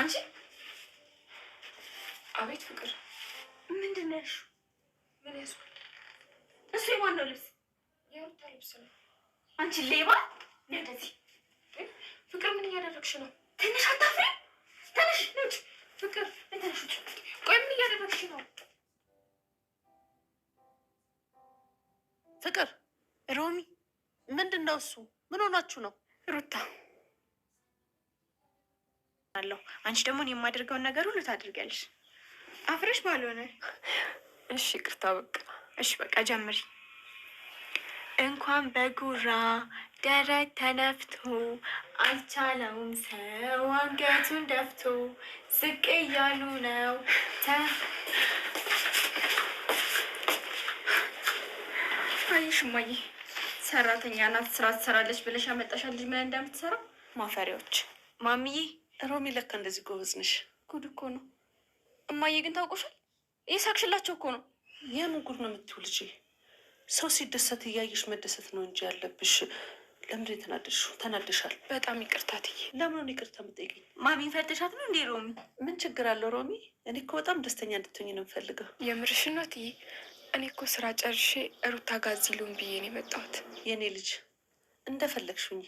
አንቺ አቤት ፍቅር፣ ምንድን ነው ያልሺው? ምን ያዝኩት? እሱ የማን ነው ልብስ? የሩታ ልብስ ነው። አንቺ ሌባ! እንደዚህ ፍቅር፣ ምን እያደረግሽ ነው? ትንሽ አታፍሪ? ትንሽ ነች ፍቅር፣ ትንሽ ቆይ፣ ምን እያደረግሽ ነው? ፍቅር፣ ሮሚ፣ ምንድን ነው እሱ? ምን ሆናችሁ ነው? ሩታ አለው አንቺ ደግሞ እኔ የማደርገውን ነገር ሁሉ ታደርጊያለሽ። አፍረሽ ባልሆነ እሺ፣ ቅርታ፣ በቃ እሺ፣ በቃ ጀምሪ። እንኳን በጉራ ደረት ተነፍቶ አልቻለውም ሰው አንገቱን ደፍቶ ዝቅ እያሉ ነው ታይሽ እማዬ፣ ሰራተኛ ናት ስራ ትሰራለች ብለሽ ያመጣሻል ልጅ ምን እንደምትሰራ ማፈሪያዎች ማሚዬ ሮሚ ለካ እንደዚህ ጎበዝ ነሽ። ጉድ እኮ ነው እማዬ። ግን ታውቆሻል? የሳቅሽላቸው እኮ ነው። የምን ጉድ ነው የምትይው? ልጄ ሰው ሲደሰት እያየሽ መደሰት ነው እንጂ ያለብሽ። ለምንድን ነው የተናደድሽው? ተናደሻል። በጣም ይቅርታ ትዬ። ለምን ይቅርታ የምጠይቀኝ? ማሚን ፈተሻት ነው እንዴ? ሮሚ ምን ችግር አለው? ሮሚ እኔ እኮ በጣም ደስተኛ እንድትሆኝ ነው የምፈልገው። የምርሽን ነው ትዬ? እኔ እኮ ስራ ጨርሼ ሩታ ጋዚሉን እዚህ ልሁን ብዬ ነው የመጣሁት። የእኔ ልጅ እንደፈለግሽኝ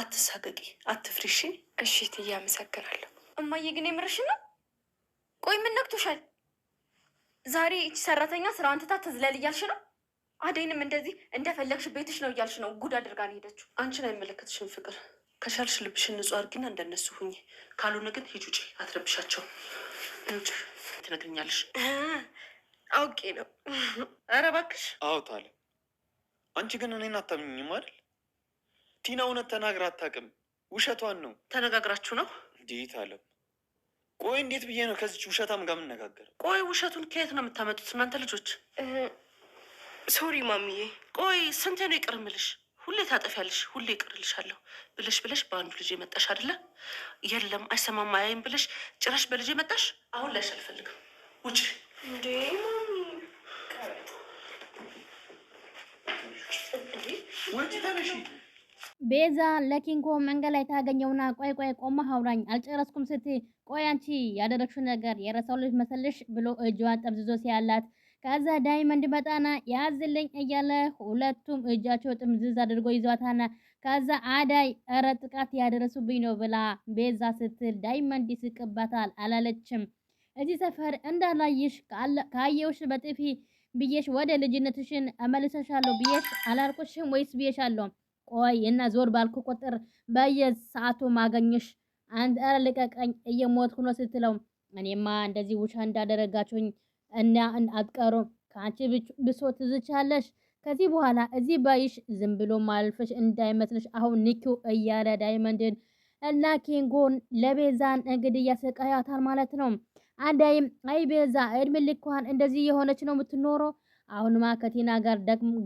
አትሳቀቂ፣ አትፍሪሽ። እሺ እትዬ አመሰግናለሁ። እማዬ ግን የምርሽ ነው? ቆይ ምን ነክቶሻል? ዛሬ ይቺ ሰራተኛ ስራ አንትታ ተዝለል እያልሽ ነው? አደይንም እንደዚህ እንደፈለግሽ ቤትሽ ነው እያልሽ ነው። ጉድ አድርጋን ሄደችው። አንቺን አይመለከትሽም ፍቅር። ከቻልሽ ልብሽን ንጹህ አድርጊና እንደነሱ ሁኝ። ካልሆነ ግን ሂጂ ውጪ፣ አትረብሻቸው። ውጭ ትነግሪኛለሽ። አውቄ ነው። ኧረ እባክሽ አውታለ። አንቺ ግን እኔን አታምኝም አይደል? ቲና እውነት ተናግራ አታውቅም። ውሸቷን ነው። ተነጋግራችሁ ነው? እንዴት አለም። ቆይ እንዴት ብዬ ነው ከዚች ውሸታም ጋር የምነጋገር? ቆይ ውሸቱን ከየት ነው የምታመጡት እናንተ ልጆች? ሶሪ ማሚዬ። ቆይ ስንቴ ነው ይቅር እምልሽ? ሁሌ ታጠፊያለሽ፣ ሁሌ ይቅር አለሁ ብለሽ ብለሽ በአንዱ ልጅ የመጣሽ አይደለ? የለም አይሰማም አያይም ብለሽ ጭራሽ በልጅ የመጣሽ አሁን ላይሽ አልፈልግም። ውጭ እንዴ ማሚ ቤዛ ለኪንጎ መንገድ ላይ ታገኘውና ቆይ ቆይ ቆመህ አውራኝ አልጨረስኩም ስት ቆይ አንቺ ያደረግሽው ነገር የረሳው ልጅ መሰልሽ ብሎ እጇን ጠምዝዞ ሲያላት ከዛ ዳይመንድ መጣና ያዝልኝ እያለ ሁለቱም እጃቸው ጥምዝዝ አድርጎ ይዟታና ከዛ አዳይ እረ ጥቃት ያደረሱብኝ ነው ብላ ቤዛ ስትል ዳይመንድ ይስቅባታል። አላለችም እዚህ ሰፈር እንዳላይሽ ካየውሽ በጥፊ ብዬሽ ወደ ልጅነትሽን እመልሰሻለሁ ብዬሽ አላልኩሽም ወይስ ብዬሻለሁ? ቆይ እና ዞር ባልኩ ቁጥር በየሰዓቱ ማገኘሽ አንድ ኧረ ልቀቀኝ እየሞትኩ ነው ስትለው እኔማ እንደዚህ ውሻ እንዳደረጋችሁኝ እና አትቀሩ ከአንቺ ብሶት ትዝቻለሽ። ከዚህ በኋላ እዚህ ባይሽ ዝም ብሎ ማልፈሽ እንዳይመስልሽ አሁን ኒኪ እያለ ዳይመንድን እና ኪንጎን ለቤዛን እንግዲህ እያሰቃያታል ማለት ነው። አንዳይም አይ ቤዛ እድሜ ልኳን እንደዚህ የሆነች ነው የምትኖረው። አሁንማ ከቲና ጋር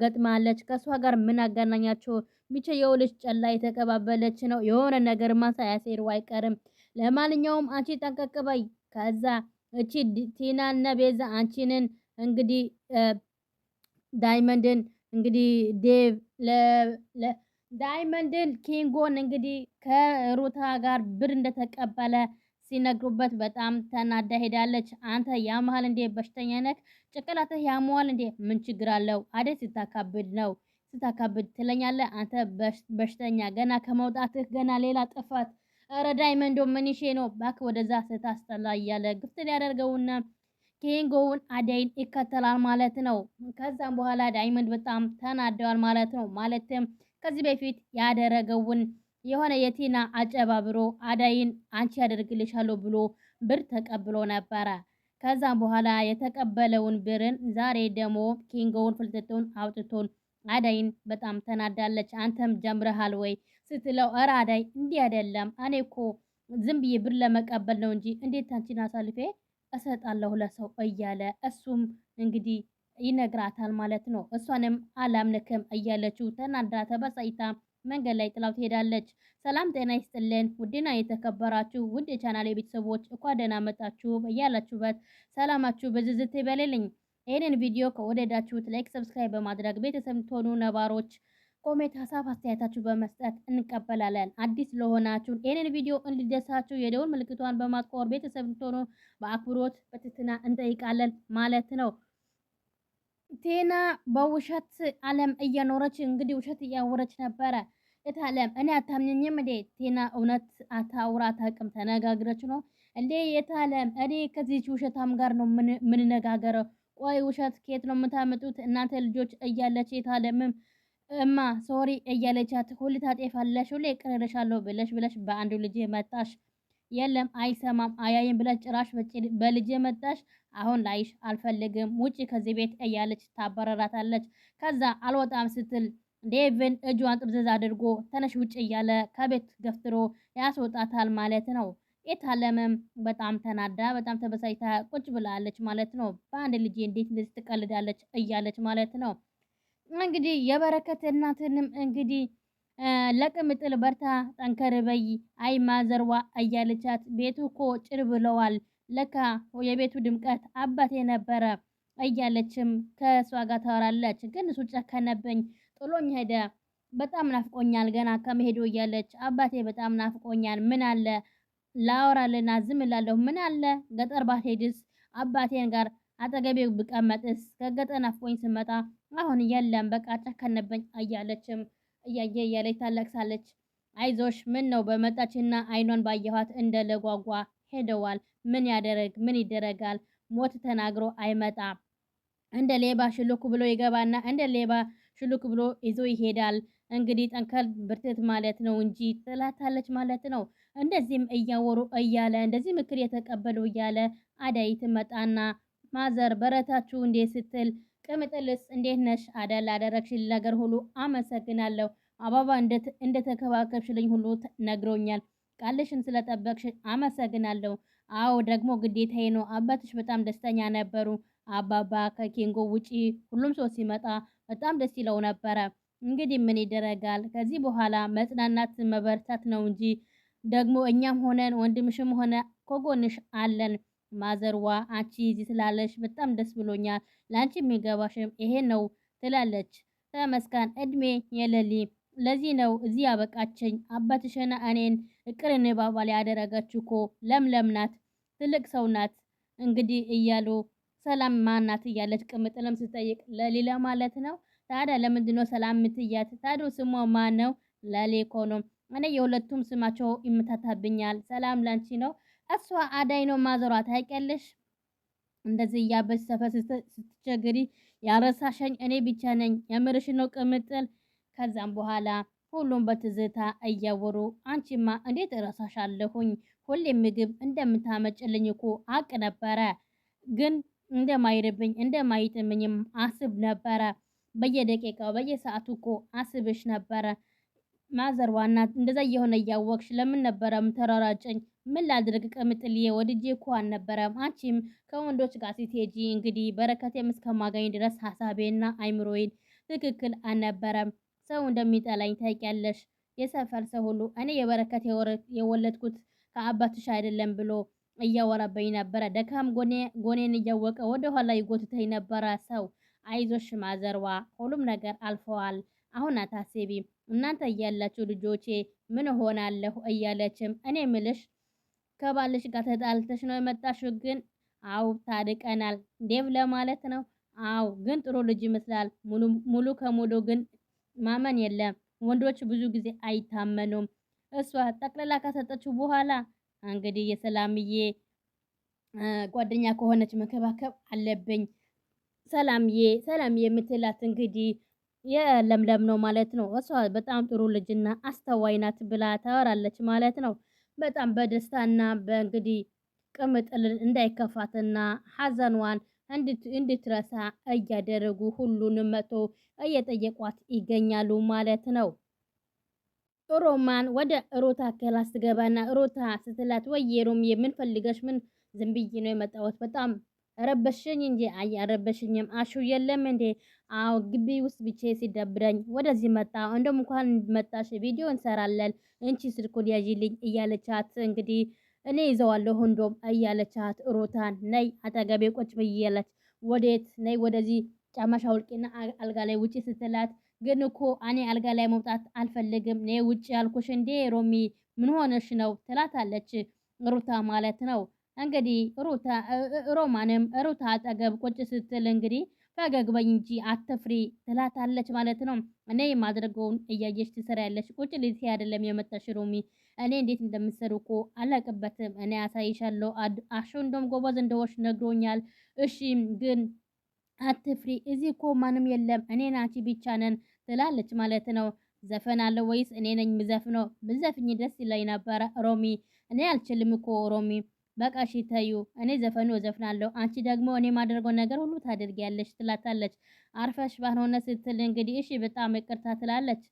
ገጥማለች። ከእሷ ጋር ምን አገናኛቸው? ብቻ የውልሽ ጨላ የተቀባበለች ነው። የሆነ ነገር ማሳ ሳያሴሩ አይቀርም። ለማንኛውም አንቺ ጠንቀቅ በይ። ከዛ እቺ ቲናና ቤዛ አንቺንን እንግዲህ ዳይመንድን እንግዲህ ዴቭ ዳይመንድን ኪንጎን እንግዲህ ከሩታ ጋር ብር እንደተቀበለ ሲነግሩበት በጣም ተናዳ ሄዳለች። አንተ ያመሃል እንዴ? በሽተኛ ነክ ጭንቅላትህ ያመዋል እንዴ? ምን ችግር አለው? አደ ሲታካብድ ነው ስታካብድ ትለኛለህ። አንተ በሽተኛ ገና ከመውጣትህ ገና ሌላ ጥፋት። ኧረ ዳይመንዶ ምንሼ ነው ባክ ወደዛ ስታስጠላ እያለ ግፍት ሊያደርገውና ኬንጎውን አደይን ይከተላል ማለት ነው። ከዛም በኋላ ዳይመንድ በጣም ተናደዋል ማለት ነው። ማለትም ከዚህ በፊት ያደረገውን የሆነ የቲና አጨባብሮ አዳይን አንቺ ያደርግልሻለሁ ብሎ ብር ተቀብሎ ነበረ። ከዛም በኋላ የተቀበለውን ብርን ዛሬ ደግሞ ኬንጎውን ፍልጥቱን አውጥቶን አዳይን በጣም ተናዳለች። አንተም ጀምረሃል ወይ ስትለው ኧረ አዳይ እንዲህ አይደለም፣ እኔ እኮ ዝም ብዬ ብር ለመቀበል ነው እንጂ እንዴት አንቺን አሳልፌ እሰጣለሁ ለሰው እያለ እሱም እንግዲህ ይነግራታል ማለት ነው። እሷንም አላምንክም እያለችው ተናዳ ተበሳጭታ መንገድ ላይ ጥላው ትሄዳለች። ሰላም ጤና ይስጥልን ውድና የተከበራችሁ ውድ የቻናሌ ቤተሰቦች እኳ ደህና መጣችሁ እያላችሁበት ሰላማችሁ በዝዝት ይበልልኝ። ይህንን ቪዲዮ ከወደዳችሁት ላይክ፣ ሰብስክራይብ በማድረግ ቤተሰብ ትሆኑ ነባሮች ኮሜንት፣ ሀሳብ አስተያየታችሁ በመስጠት እንቀበላለን። አዲስ ለሆናችሁ ይህንን ቪዲዮ እንዲደርሳችሁ የደውል ምልክቷን በማቆር ቤተሰብ ትሆኑ በአክብሮት በትህትና እንጠይቃለን ማለት ነው። ቴና በውሸት ዓለም እየኖረች እንግዲህ ውሸት እያወረች ነበረ። እት ዓለም እኔ አታምኝም እንዴ? ቴና እውነት አታውራ አታውቅም። ተነጋግረች ነው እንዴ? የት ዓለም እኔ ከዚች ውሸታም ጋር ነው ምንነጋገረው ቆይ ውሸት ከየት ነው የምታመጡት? እናንተ ልጆች እያለች የታለምም እማ ሶሪ እያለቻት ሁሉ ታጤፋለሽ፣ ሁሌ ይቅርልሻለሁ ብለሽ ብለሽ በአንዱ ልጅ መጣሽ፣ የለም አይሰማም አያይም ብለሽ ጭራሽ በልጅ መጣሽ። አሁን ላይሽ አልፈልግም፣ ውጭ ከዚህ ቤት እያለች ታባረራታለች። ከዛ አልወጣም ስትል ዴቭን እጇን ጥምዝዝ አድርጎ ተነሽ ውጭ እያለ ከቤት ገፍትሮ ያስወጣታል ማለት ነው። የታለመም በጣም ተናዳ በጣም ተበሳጭታ ቁጭ ብላለች ማለት ነው። በአንድ ልጅ እንዴት እንደዚህ ትቀልዳለች እያለች ማለት ነው። እንግዲህ የበረከት እናትንም እንግዲህ ለቅምጥል በርታ፣ ጠንከር በይ አይ ማዘርዋ እያለቻት ቤቱ እኮ ጭር ብለዋል ለካ የቤቱ ድምቀት አባቴ ነበረ እያለችም ከእሷ ጋር ታወራለች። ግን እሱ ጨከነብኝ፣ ጥሎኝ ሄደ፣ በጣም ናፍቆኛል ገና ከመሄዱ እያለች አባቴ በጣም ናፍቆኛል ምን አለ ላወራልና ዝም እላለሁ። ምን አለ ገጠር ባትሄድስ አባቴን ጋር አጠገቤው ብቀመጥስ ከገጠር ናፍቆኝ ስመጣ አሁን የለም በቃ ጨከነብኝ እያለችም እያየ እያለች ታለቅሳለች። አይዞሽ ምን ነው በመጣችና አይኗን ባየኋት እንደ ለጓጓ ሄደዋል። ምን ያደረግ ምን ይደረጋል? ሞት ተናግሮ አይመጣም እንደ ሌባ ሽልክ ብሎ ይገባና እንደ ሌባ ሽልክ ብሎ ይዞ ይሄዳል። እንግዲህ ጠንከር ብርትት ማለት ነው እንጂ ጥላታለች ማለት ነው። እንደዚህም እያወሩ እያለ እንደዚህ ምክር የተቀበሉ እያለ አዳይ ትመጣና ማዘር በረታችሁ እንዴ ስትል ቅምጥልስ እንዴት ነሽ አደል አደረግሽል ነገር ሁሉ አመሰግናለሁ። አባባ እንደተከባከብሽልኝ ሁሉ ነግሮኛል። ቃልሽን ስለጠበቅሽ አመሰግናለሁ። አዎ ደግሞ ግዴታዬ ነው። አባትሽ በጣም ደስተኛ ነበሩ። አባባ ከኬንጎ ውጪ ሁሉም ሰው ሲመጣ በጣም ደስ ይለው ነበረ። እንግዲህ ምን ይደረጋል? ከዚህ በኋላ መጽናናት መበርታት ነው እንጂ ደግሞ እኛም ሆነን ወንድምሽም ሆነ ከጎንሽ አለን። ማዘርዋ አንቺ ይዚ ስላለሽ በጣም ደስ ብሎኛል። ለአንቺ የሚገባሽም ይሄ ነው ትላለች። ተመስገን እድሜ የለሊ ለዚህ ነው እዚህ ያበቃችኝ። አባትሽና እኔን እቅር ንባባል ያደረገችው እኮ ለምለም ናት፣ ትልቅ ሰው ናት። እንግዲህ እያሉ ሰላም ማናት እያለች ቅምጥልም ስጠይቅ ለሊ ለማለት ነው ታዲያ ለምንድን ነው ሰላም ምትያት? ታዲያ ስሟ ማን ነው? ለሌኮ ነው። እኔ የሁለቱም ስማቸው ይምታታብኛል። ሰላም ላንቺ ነው፣ እሷ አዳይ ነው። ማዘሯ ታውቂያለሽ። እንደዚህ እያበች ስትቸግሪ ያረሳሸኝ እኔ ብቻ ነኝ። የምርሽ ነው ቅምጥል። ከዛም በኋላ ሁሉም በትዝታ እያወሩ አንቺማ እንዴት እረሳሻለሁኝ? ሁሌ ምግብ እንደምታመጭልኝ እኮ አቅ ነበረ፣ ግን እንደማይርብኝ እንደማይጥምኝም አስብ ነበረ በየደቂቃው በየሰዓቱ እኮ አስብሽ ነበረ ማዘር ዋና እንደዛ እየሆነ እያወቅሽ ለምን ነበረ ምተራራጨኝ? ምን ላድርግ ቅምጥልዬ፣ ወድጄ እኮ አልነበረም። አንቺም ከወንዶች ጋር ስትሄጂ እንግዲህ በረከቴም እስከማገኝ ድረስ ሀሳቤና አይምሮዬን ትክክል አልነበረም። ሰው እንደሚጠላኝ ታውቂያለሽ። የሰፈር ሰው ሁሉ እኔ የበረከት የወለድኩት ከአባትሽ አይደለም ብሎ እያወራበኝ ነበረ። ደካም ጎኔን እያወቀ ወደኋላ ይጎትተኝ ነበረ ሰው አይዞሽ ማዘርዋ ሁሉም ነገር አልፈዋል፣ አሁን አታስቢ እናንተ እያላችሁ ልጆቼ ምን ሆናለሁ እያለችም እኔ ምልሽ ከባልሽ ጋር ተጣልተሽ ነው የመጣሽው? ግን አው ታርቀናል። ዴቭ ለማለት ነው። አው ግን ጥሩ ልጅ ይመስላል። ሙሉ ከሙሉ ግን ማመን የለም። ወንዶች ብዙ ጊዜ አይታመኑም። እሷ ጠቅልላ ከሰጠችው በኋላ እንግዲህ የሰላምዬ ጓደኛ ከሆነች መከባከብ አለብኝ ሰላምዬ ሰላም የምትላት እንግዲህ የለምለም ነው ማለት ነው። እሷ በጣም ጥሩ ልጅና አስተዋይ ናት ብላ ታወራለች ማለት ነው። በጣም በደስታና በእንግዲህ ቅምጥል እንዳይከፋትና ሐዘኗን እንድትረሳ እያደረጉ ሁሉንም መቶ እየጠየቋት ይገኛሉ ማለት ነው። ሮማን ወደ ሮታ ክላስ ትገባና ሮታ ስትላት ወይ ሮምዬ የምንፈልገሽ ምን ዝም ብዬ ነው የመጣሁት በጣም ረበሽኝ እንጂ አይ አረበሽኝም። አሹ የለም እንዴ? አዎ ግቢ ውስጥ ብቼ ሲደብረኝ ወደዚህ መጣ። እንደም እንኳን መጣሽ ቪዲዮ እንሰራለን እንቺ ስልኩን ያዥልኝ እያለቻት እንግዲህ እኔ ይዘዋለሁ እንደም እያለቻት ሩታን ነይ አጠገቤ ቁጭ ብያለች። ወዴት ነይ ወደዚህ ጫማሽ አውልቂና አልጋ ላይ ውጪ ስትላት ግን እኮ እኔ አልጋ ላይ መውጣት አልፈልግም፣ ነይ ውጪ ያልኩሽ እንዴ ሮሚ ምን ሆነሽ ነው ትላታለች ሩታ ማለት ነው። እንግዲህ ሩታ ሮማንም ሩታ አጠገብ ቁጭ ስትል እንግዲህ ፈገግ በይ እንጂ አትፍሪ ትላታለች ማለት ነው። እኔ የማድረገውን እያየሽ ትሰሪያለሽ። ቁጭ ልትይ አይደለም የመጣሽ ሮሚ። እኔ እንዴት እንደምትሰሩ እኮ አላቅበትም። እኔ አሳይሻለሁ። አሹ እንደውም ጎበዝ እንደሆንሽ ነግሮኛል። እሺ ግን አትፍሪ፣ እዚህ እኮ ማንም የለም። እኔና አንቺ ብቻ ነን ትላለች ማለት ነው። ዘፈን አለ ወይስ እኔ ነኝ ምዘፍነው? ምዘፍኝ ደስ ይለኝ ነበረ ሮሚ። እኔ አልችልም እኮ ሮሚ በቃ እሺ ተዩ፣ እኔ ዘፈኑ እዘፍናለሁ፣ አንቺ ደግሞ እኔ ማደርገው ነገር ሁሉ ታደርጊያለሽ ትላታለች። አርፈሽ ባልሆነ ስትል እንግዲህ እሺ በጣም ይቅርታ ትላለች።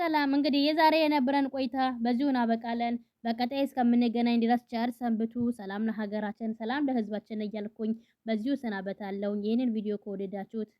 ሰላም እንግዲህ የዛሬ የነበረን ቆይታ በዚሁ እናበቃለን። በቀጣይ እስከምንገናኝ ድረስ ቸር ሰንብቱ። ሰላም ለሀገራችን፣ ሰላም ለህዝባችን እያልኩኝ በዚሁ ሰናበታለሁ። ይህንን ቪዲዮ ከወደዳችሁት